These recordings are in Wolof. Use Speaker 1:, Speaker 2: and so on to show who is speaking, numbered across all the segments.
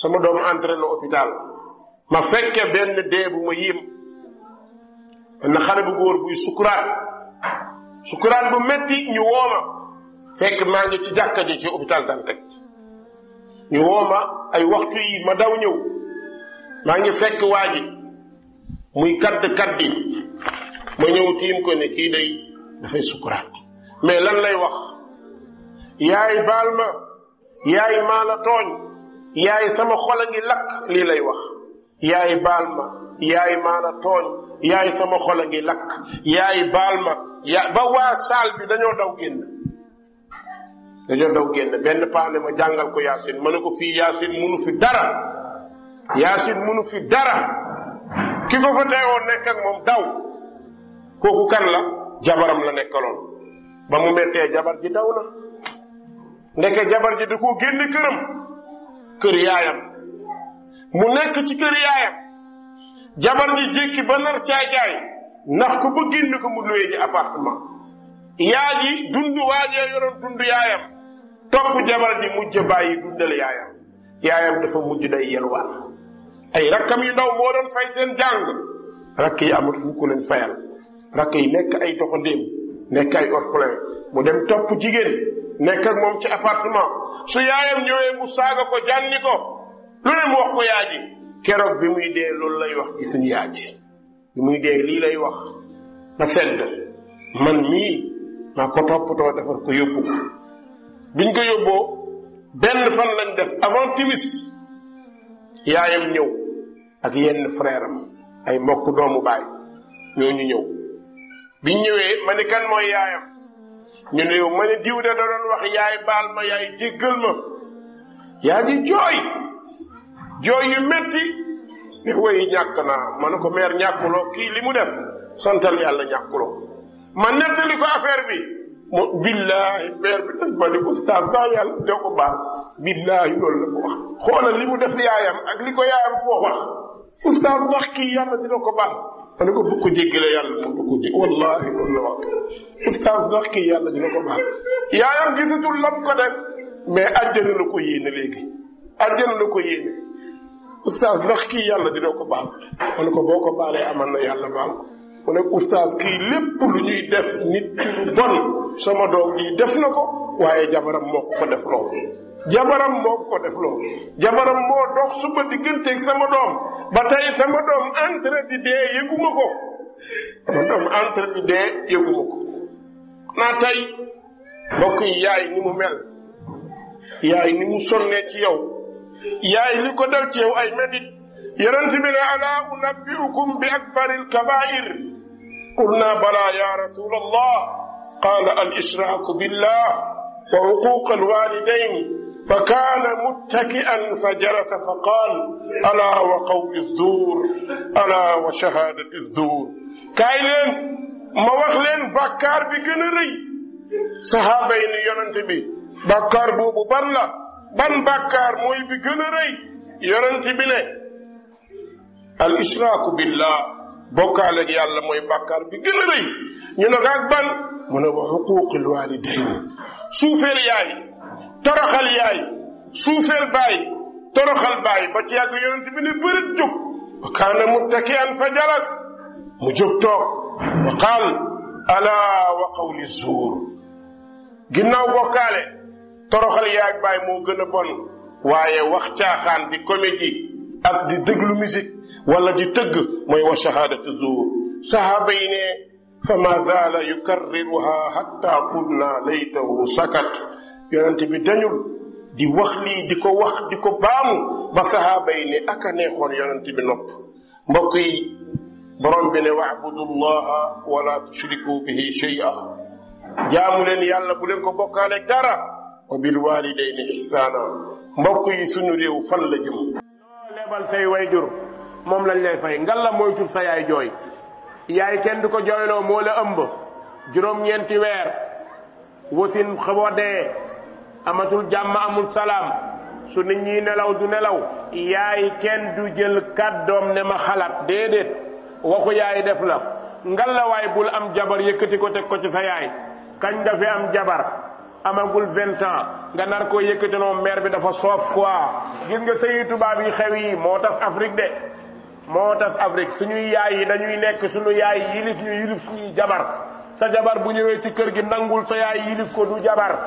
Speaker 1: sama doom entré na hôpital ma fekke benn dee bu ma yim benn xale bu góor buy sukuraat sukuraat bu metti ñu wooma fekk maa ngi ci jàkka ci hôpital Dantec ñu wooma ay waxtu yi ma daw ñëw maa ngi fekk waa ji muy kadd kaddi ma ñëw tiim ko ne kii day dafay sukuraat mais lan lay wax yaay baal ma yaay maa la tooñ yaay sama xol a ngi lakk lii lay wax yaay baal ma yaay maana tooñ yaay sama xol a ngi lakk yaay baal ma yaa ba waa saal bi dañoo daw génn dañoo daw génn benn paax ne ma jàngal ko yaasin ma ne ko fii yaasin munu fi dara yaasin munu fi dara ki ko fa deewoon nekk ak moom daw kooku kan la jabaram la nekkaloon ba mu mettee jabar ji daw na ndeke jabar ji da koo génne këram kër yaayam mu nekk ci kër yaayam jabar ji jékki ba nar caa jaay ndax ko ba génn ko mu luwee ji appartement yaa ji dund waajee yoroon dund yaayam topp jabar ji mujj bàyyi dundal yaayam yaayam dafa mujj day yelwaan ay rakkam yu ndaw moo doon fay seen jàng rakk yi amatuñ ku leen fayal rakk yi nekk ay doxandéem nekk ay orphelin mu dem topp jigéen nekk moom ci appartement su yaayam ñëwee mu saaga ko jànni ko lu ne mu wax ko yaa keroog bi muy dee loolu lay wax ci suñu yaa ji bi muy lay wax ba sedd man mii ko toppatoo defar ko benn fan lañ def avant timis yaayam ñëw ak yenn frère am ay mbokk doomu baay ñooñu ñëw biñ ñëwee ma ni kan mooy yaayam ñu ne yow ma ne diw de da doon wax yaay baal ma yaay jéggal ma yaa jooy jooy yu metti ne woy ñàkk naa ma ne ko meer ñàkkuloo kii li mu def santal yàlla ñàkkuloo ma nettali ko affaire bi mu billahi meer bi dañ ma ni oustaz daa yàlla de ko baal billahi loolu la ko wax xoolal li mu def yaayam ak li ko yaayam foo wax oustaz wax kii yàlla dina ko baal ma ne ko bu ko jéggale yàlla mu du ko jég wallahi loolu la wax ustaas sax kii yàlla dina ko baal yaayam gisatul lam ko def mais àjjana la ko yéene léegi àjjana la ko yéene ustaas ndax kii yàlla dina ko baal ma ne ko boo ko baalee amal na yàlla baal ko mu ne ustaas kii lépp lu ñuy def nit ci lu bon sama doom ji def na ko waaye jabaram moo ko def loo jabaram moo ko def loo jabaram moo dox suma digganteeg sama doom ba tey sama doom entre di dee yëguma ko sama doom entre di dee yëguma ko naa tey mbokk yi yaay ni mu mel yaay ni mu sonnee ci yow yaay li ko dal ci yow ay medit yonent bi ne ala unabbiukum bi akbari alkabair qulna bala ya rasul allah qala al ishraku billah وحقوق الوالدين فكان متكئا فجلس فقال ألا وقول الزور ألا وشهادة الزور كاين ما وخلين بكار بكنري صحابين ينتبه بكار بوب برلا بن بكار موي بكنري ينتبه لي الإشراك بالله بكال يالله موي بكار بكنري ينغاق بن من حقوق الوالدين suufeel yaay toroxal yaay suufeel baay toroxal baay ba ci yàgg yonent bi wa kaana muttakian fa jalas mu jóg toog wa qaal ala wa qawli zuur ginnaaw bokkaale toroxal yaay baay moo gën a bon waaye wax caaxaan di comédie ak di déglu musique wala di tëgg mooy wa shahadatu zuur sahaaba yi فما زال يكررها حتى قلنا ليته سكت yonent bi dañul di wax lii di ko wax di ko baamu ba sahaaba yi ne aka neexoon yonent bi nopp mbokk yi borom bi ne wabudu llaha wala tushriku bihi shay'a jaamu leen yàlla bu leen ko bokkaaleeg dara wa bil walidayni ihsana mbokk yi suñu réew fan la jëm lebal say wayjur moom lañ lay fay ngalla moytul sa yaay jooy yaay kenn du ko jooyloo moo la ëmb juróom-ñeenti weer wasin xawa dee amatul jàmm amul salaam su nit ñi nelaw du nelaw yaay kenn du jël kàddoom ne ma xalaat déedéet waxu yaay def la ngalawaay bul am jabar yëkkati ko teg ko ci sa yaay kañ nga fi am jabar amagul vingt ans nga nar koo yëkkati noonu maire bi dafa soof quoi gis nga sëyi tubaab yi xew yi moo tas Afrique de moo tax Afrique suñuy yaay yi dañuy nekk suñu yaay yilif ñu yilif suñuy jabar sa jabar bu ñëwee ci kër gi nangul sa yaay yilif ko du jabar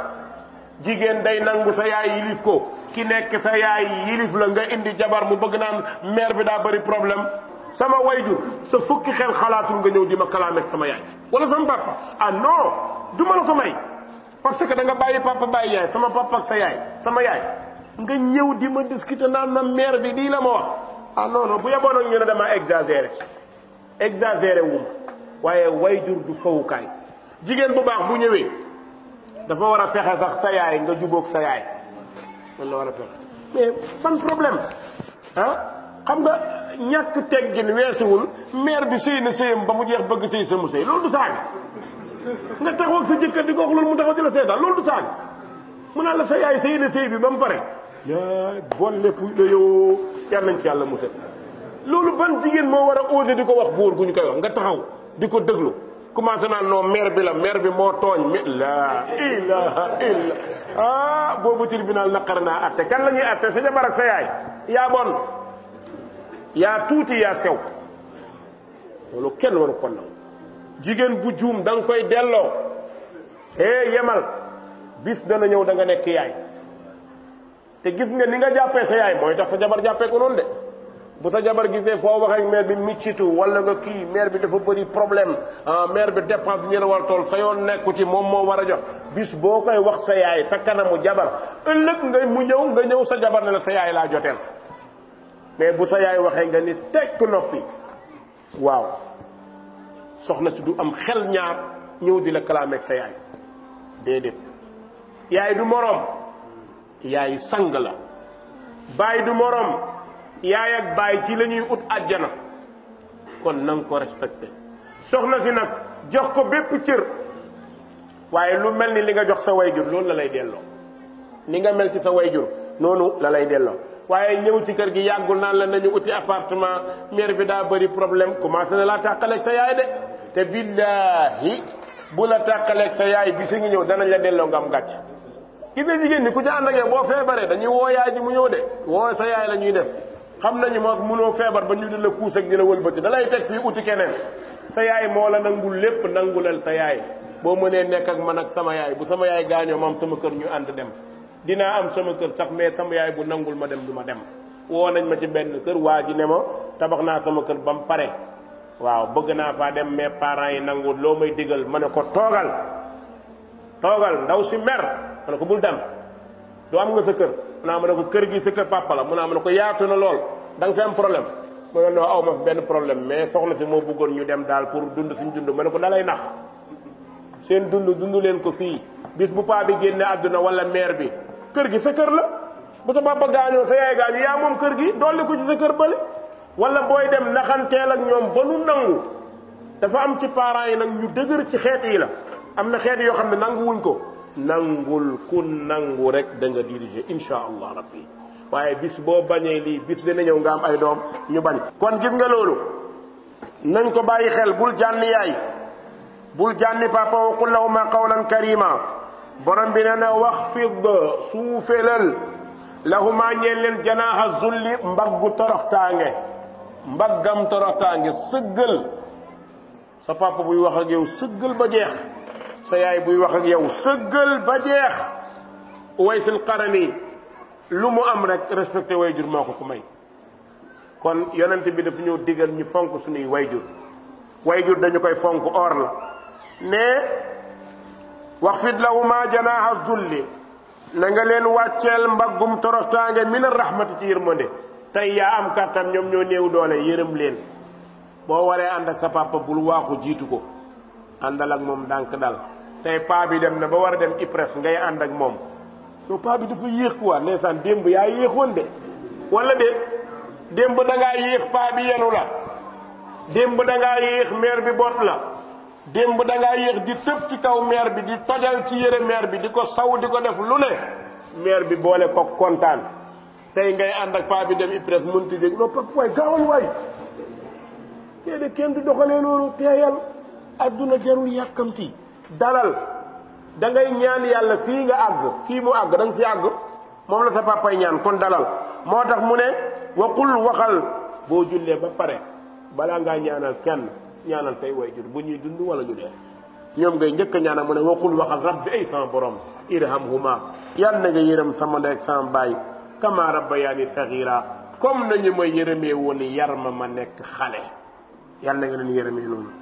Speaker 1: jigéen day nangu sa yaay yilif ko ki nekk sa yaay yilif la nga indi jabar mu bëgg naan mère bi daa bëri problème sama wayjur sa fukki xel xalaatul nga ñëw di ma kalaame sama yaay wala sama papa ah non duma la ko may parce que da nga bàyyi papa bàyyi yaay sama papa ak sa yaay sama yaay nga ñëw di ma discuter naan na mère bi lii la ma wax ah non bu yeboon ak ñu ne dama exagéré exagéré wu ma waaye wayjur du fowukaay jigéen bu baax bu ñëwee dafa war a fexe sax sa yaay nga jubook sa yaay loolu a mais ban problème ah xam nga ñàkk teggin weesuwul maire bi sëy na sëyam ba mu jeex bëgg sëy sa mu sëy loolu du saaga nga taxaw ak sa jëkkër di ko wax loolu mu taxaw jël la seetaan loolu du saaga mu naan la sa yaay sëy na sëy bi ba mu pare yaa boole puy yoo yal nañ ci yàlla musal loolu ban jigéen moo war a osé di ko wax góor gu ñu koy wax nga taxaw di ko déglu commencé naa non maire bi la maire bi moo tooñ la ilaha illa ah boobu tribunal naqar naa atte kan la ñuy atte sa jabar ak sa yaay yaa bon yaa tuuti yaa sew loolu kenn waru ko naw jigéen bu juum da koy delloo hee yemal bis dana ñëw da nga nekk yaay te gis nga ni nga jàppee sa yaay mooy tax sa jabar jàppee ko noonu de bu sa jabar gisee foo wax ak maire bi miccitu wala nga kii maire bi dafa bëri problème ah, maire bi dépense bi ñu la war tool sa yoon nekku ci moom moo war a jox bis boo koy wax sa yaay sa kanamu jabar ëllëg nga mu ñëw nga ñëw sa jabar ne la sa yaay laa joteel mais bu sa yaay waxee nga ni tekk noppi waaw soxna si du am xel ñaar ñëw di la kalaame ak sa yaay déedéet yaay du moroom yaay sang la baay du moroom yaay ak baay ci la ñuy ut àjjana kon na nga ko respecté soxna si nag jox ko bépp cër waaye lu mel ni li nga jox sa wayjur loolu la lay delloo ni nga mel ci sa wayjur noonu la lay delloo waaye ñëw ci kër gi yàggul naan la nañu uti appartement mère bi daa bëri problème commencé na laa tàqaleeg sa yaay de te billaahi bu la tàqaleeg sa yaay bi si ngi ñëw danañ la delloo nga am gàcc gis nga jigéen ñi ku ci ànd ak yow boo feebaree dañuy woo yaay ji mu ñëw de woo sa yaay la ñuy def xam nañu ma munoo feebar ba ñu di la kuus ak di la wëlbati dalay lay teg fii uti keneen sa yaay moo la nangul lépp nangulal sa yaay boo mënee nekk ak man ak sama yaay bu sama yaay gaañoo ma am sama kër ñu ànd dem dinaa am sama kër sax mais sama yaay bu nangul ma dem du ma dem woo nañ ma ci benn kër waa ji ne ma tabax naa sama kër ba mu pare waaw bëgg naa faa dem mais parents yi nangul loo may digal ma ne ko toogal ndaw si ma ne ko bul dem du am nga sa kër mu naa ma ne ko kër gi sa kër papa la naa ma na ko yaatu na lool da nga fi am problème mu ne noo aw fi benn problème mais soxla si moo buggoon ñu dem daal pour dund suñu dund ma ne ko da nax seen dund dund leen ko fii bis bu paa bi génne àdduna wala maire bi kër gi sa kër la bu sa papa gaañoo sa yaay gaañu yaa moom kër gi dolli ko ci sa kër bële wala booy dem naxanteel ak ñoom ba nu nangu dafa am ci parents yi nag ñu dëgër ci xeet yi la am na xeet yoo xam ne nanguwuñ ko nangul ku nangu rek da nga diriger incha allah rabbi waaye bis boo bañee lii bis dana ñëw nga am ay doom ñu bañ. kon gis nga loolu nañ ko bàyyi xel bul jànni yaay bul jànni papa wa qul lahuma qawlan karima borom bi nee na wax fid suufeelal lahuma ñeen leen janaaxa zulli mbaggu toroxtaange mbaggam toroxtaange sëggal sa papa buy wax ak yow sëggal ba jeex. sa yaay buy wax ak yow sëggal ba jeex waysul qarani lu mu am rek respecté wayjur moo ko ko may kon yonent bi dafa ñëw digal ñu fonk suñuy way way wayjur dañu koy fonk or la ne waxfid lahuma janaaha zulli na nga leen wàcceel mbaggum toroxtaange min rahmati moo yërmande tey yaa am kàttan ñoom ñoo néew doole yërëm leen boo waree ànd ak sa papa bul waaxu jiitu ko andal ak mom dank dal tay pa bi dem na ba war a dem IPRES ngay and ak mom so pa bi dafa yex quoi ndeysaan démb yaa yéexoon de wala de demb da nga yex pa bi yenu la demb da nga yex mer bi bot la demb da nga yex di tepp ci kaw mer bi di tojal ci yere mer bi di ko saw di ko def lu ne mer bi bolé ko contane tay ngay and ak pa bi dem ipref mënti de no pa waay gawal way kene de du doxalee aduna jarul yakamti dalal da ngay ñaan yalla fi nga ag fi mu ag da nga fi ag mom la sa papa ñaan kon dalal motax mu ne wakal, waxal bo julle ba pare bala nga ñaanal kenn ñaanal say wayjur bu ñuy dund wala ñu def ñom ngay ñeek a ñaanal mu ne waxul waxal rabbi ay sama borom irhamhuma yal na nga yeeram sama ndey sama bay kama rabbayaani saghira comme nañu ma yeeramé won yarma ma nek xalé yal na nga leen yeeramé non